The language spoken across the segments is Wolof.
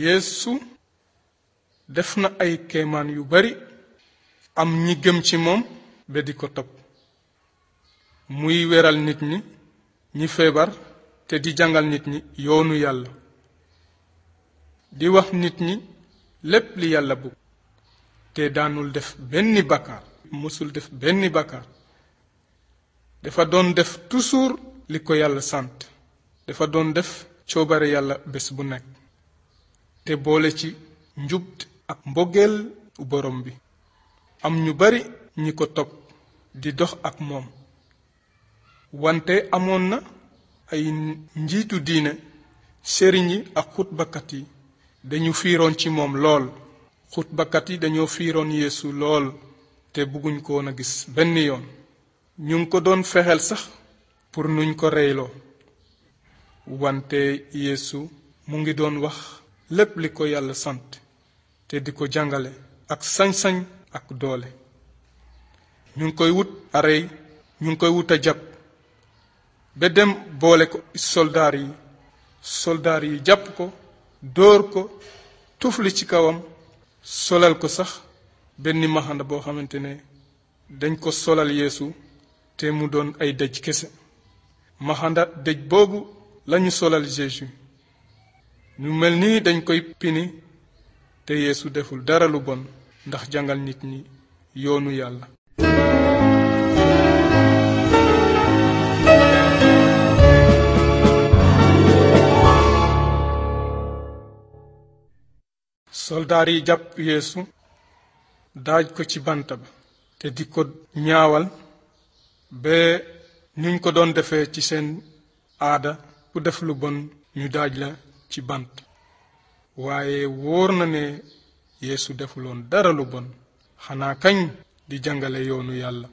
yeesu def na ay kemaan yu bari am ñi gëm ci moom be di ko topp muy weral nit ñi ñi feebar te di jàngal nit ñi yoonu yàlla di wax nit ñi lépp li yàlla bëgg te daanul def benn bàkkaar mësul def benn bàkkaar dafa doon def toujours li ko yàlla sant dafa doon def coobare yàlla bés bu nekk te boole ci njub ak mbogeel borom bi am ñu bari ñi ko topp di dox ak moom wante amoon na ay njiitu diine sëriñ yi ak xutbakat yi dañu fiiroon ci moom lool xutbakat yi dañoo fiiroon yéesu lool te bëgguñ ko woon a gis benn yoon ñu ngi ko doon fexeel sax pour nuñ ko reyloo wante yeesu mu ngi doon wax lépp li ko yàlla sant te di ko jàngale ak sañ-sañ ak doole ñu ngi koy wut arey ñu ngi koy wut a jàpp ba dem boole ko soldaar yi soldaar yi jàpp ko dóor ko tufli ci kawam solal ko sax benn maxanda boo xamante ne dañ ko solal yéesu te mu doon ay dëj kese maxanda dëj boobu lañu solal Jésus ñu mel nii dañ koy pini te yeesu deful dara lu bon ndax jàngal nit ñi yoonu yàlla soldaar yi jàpp yéesu daaj ko ci bant ba te di ko ñaawal ba niñ ko doon defee ci seen aada ku def lu bon ñu daaj la ci bant waaye wóor na ne yéesu defuloon dara lu bon xanaa kañ di jàngale yoonu yàlla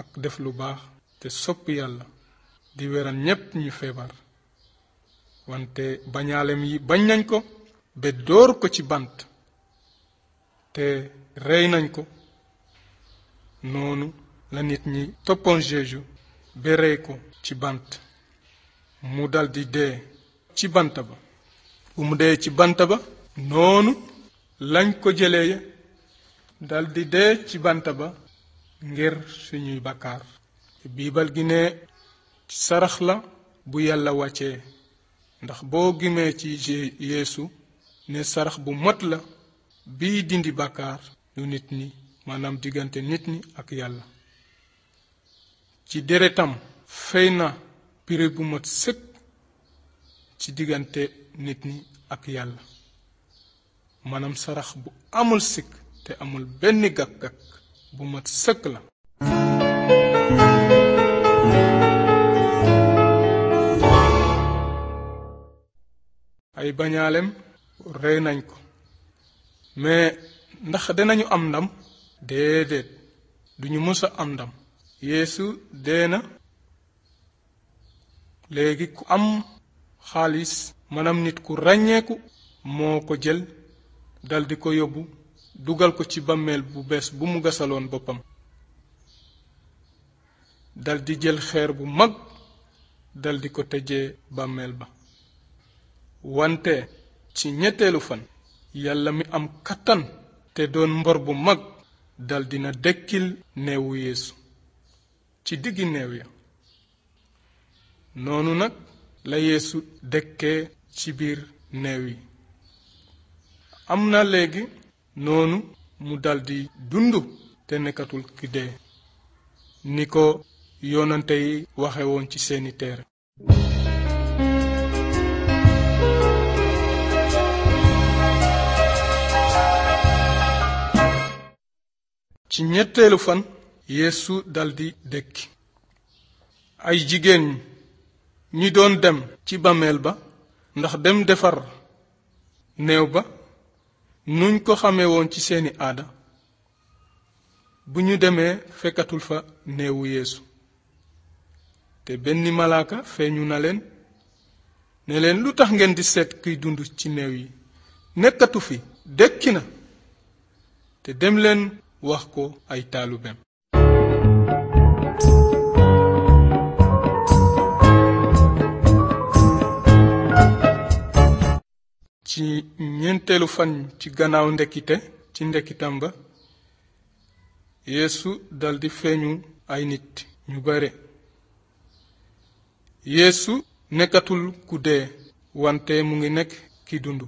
ak def lu baax te sopp yàlla di weral ñépp ñu feebar wante bañaalem yi bañ nañ ko ba dóor ko ci bant te rey nañ ko noonu la nit ñi toppoon Jéesu ba rey ko ci bant mu daldi dee ci bant ba bu mu dee ci bant ba noonu lañ ko jëlee daldi dee ci bant ba ngir suñuy bakkaar biibal gi ne sarax la bu yàlla wàccee ndax boo gimee ci yeesu ne sarax bu mot la bii dindi bakkaar yu nit ñi maanaam diggante nit ñi ak yàlla ci deretam fey na pire bu mot sëkk ci diggante nit ñi ak yàlla maanaam sarax bu amul sikk te amul benn gàkk-gàkk bu mat sëkk la ay bañaalem rey nañ ko mais ndax dinañu am ndam déedéet duñu mës a am ndam yeesu dee na léegi ku am xaalis maanaam nit ku ràññeeku moo ko jël daldi ko yóbbu dugal ko ci bàmmeel bu bees bu mu gasaloon boppam daldi jël xeer bu mag daldi ko tëjee bàmmeel ba wante ci ñetteelu fan yàlla mi am kattan te doon mbor bu mag daldi na dëkkil neewu yeesu ci diggi neew ya noonu nag la yeesu dëkkee ci biir néew yi am na léegi noonu mu daldi dund te nekkatul ki ni ko yoonante yi waxe ci seeni téere ci ñetteelu fan yéesu daldi dëkki ay jigéen ñi ñi doon dem ci bàmmeel ba ndax dem defar néew ba nuñ ko xamee woon ci seeni aada bu ñu demee fekkatul fa néewu yéesu te benn malaaka feeñu na leen ne leen lu tax ngeen di seet kiy dund ci néew yi nekkatu fi dëkki na te dem leen wax ko ay taalubeem ci ñeenteelu fan ci gannaaw ndekkite ci ndekkitam ba yeesu daldi feeñu ay nit ñu bare yéesu nekkatul ku dee wante mu ngi nekk ki dund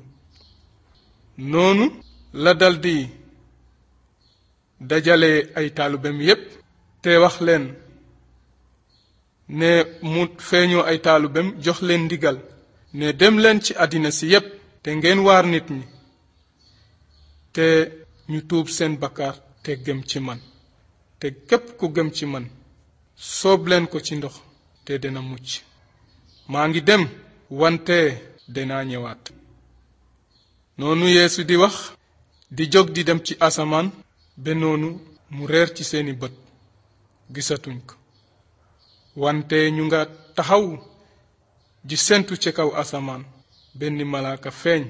noonu la daldi dajale ay taalubem yépp te wax leen ne mu feeñoo ay taalubem jox leen ndigal ne dem leen ci àddina si yépp te ngeen waar nit ñi te ñu tuub seen bakkaar te gëm ci man te képp ku gëm ci man soobleen ko ci ndox te dina mucc maa ngi dem wante dinaa ñëwaat noonu yéesu di wax di jóg di dem ci asamaan ba mu reer ci seeni bët gisatuñ ko wante ñu nga taxaw di sentu ci kaw asamaan benn malaaka feeñ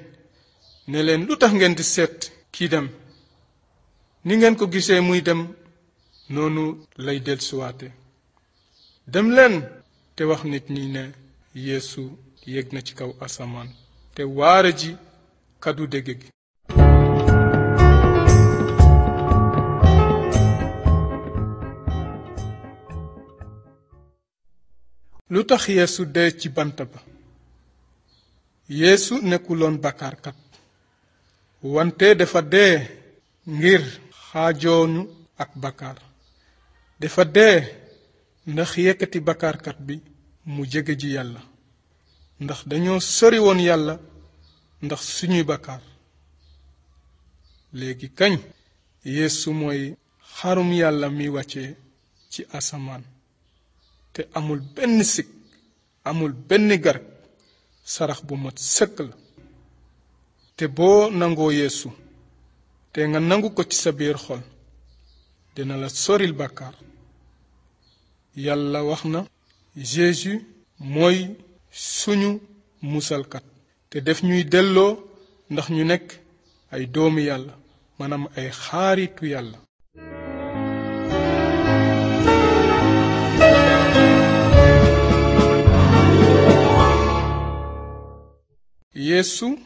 ne leen lu tax ngeen di seet kii dem ni ngeen ko gisee muy dem noonu lay dellusiwaate dem leen te wax nit ñi ne yéesu yéeg na ci kaw asamaan te waare ji kàddu dégg gi tax yeesu dee bant ba yéesu nekkuloon bàkkaarkat wante dafa dee ngir xaajooñu ak bàkkaar dafa dee ndax yëkkati bàkkaarkat bi mu jege ji yàlla ndax dañoo sori woon yàlla ndax suñuy bàkkaar léegi kañ yéesu mooy xarum yàlla mi wàccee ci asamaan te amul benn sikk amul benn garab sarax bu mat sëkk la te boo nangoo yéesu te nga nangu ko ci sa biir xol dina la soril bàkkaar yàlla wax na Jésus mooy suñu musalkat te def ñuy delloo ndax ñu nekk ay doomi yàlla maanaam ay xaaritu yàlla yéesu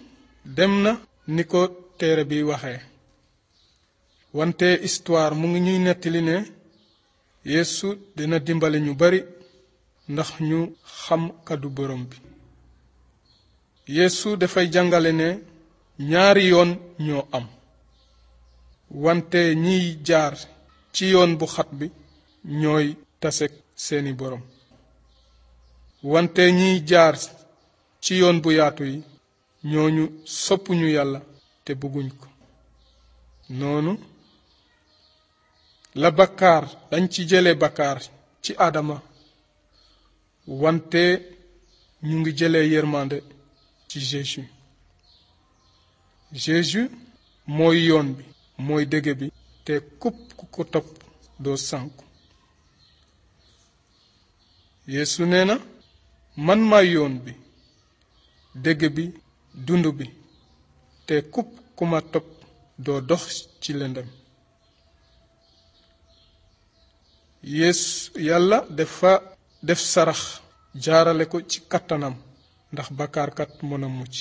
dem na ni ko téere bi waxe wante histoire mu ngi ñuy nettali ne yeesu dina dimbali ñu bari ndax ñu xam kàddu borom bi yéesu dafay jàngale ne ñaari yoon ñoo am wante ñiy jaar ci yoon bu xat bi ñooy tasek seeni borom wante ñiy jaar ci yoon bu yaatu yi ñooñu soppuñu yàlla te bëgguñ ko noonu la bakkaar dañ ci jële bakkaar ci Adama wante ñu ngi jële yërmande ci Jésus Jésus mooy yoon bi mooy dëgg bi te kupp ku ko topp doo sànku Yeesu nee na man maay yoon bi dëgg bi dund bi te kupp ku ma topp doo dox ci lëndëm yeesu yàlla dafa def sarax jaarale ko ci kattanam ndax bàkkaarkat mën a mucc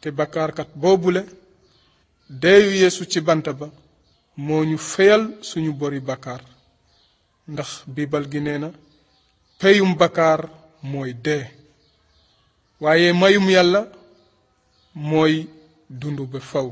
te bàkkaarkat boobule deeyu yéesu ci bant ba moo ñu feyal suñu bori bàkkaar ndax biibal gi nee na peyum bàkkaar mooy dee waaye mayum yàlla mooy dund ba faw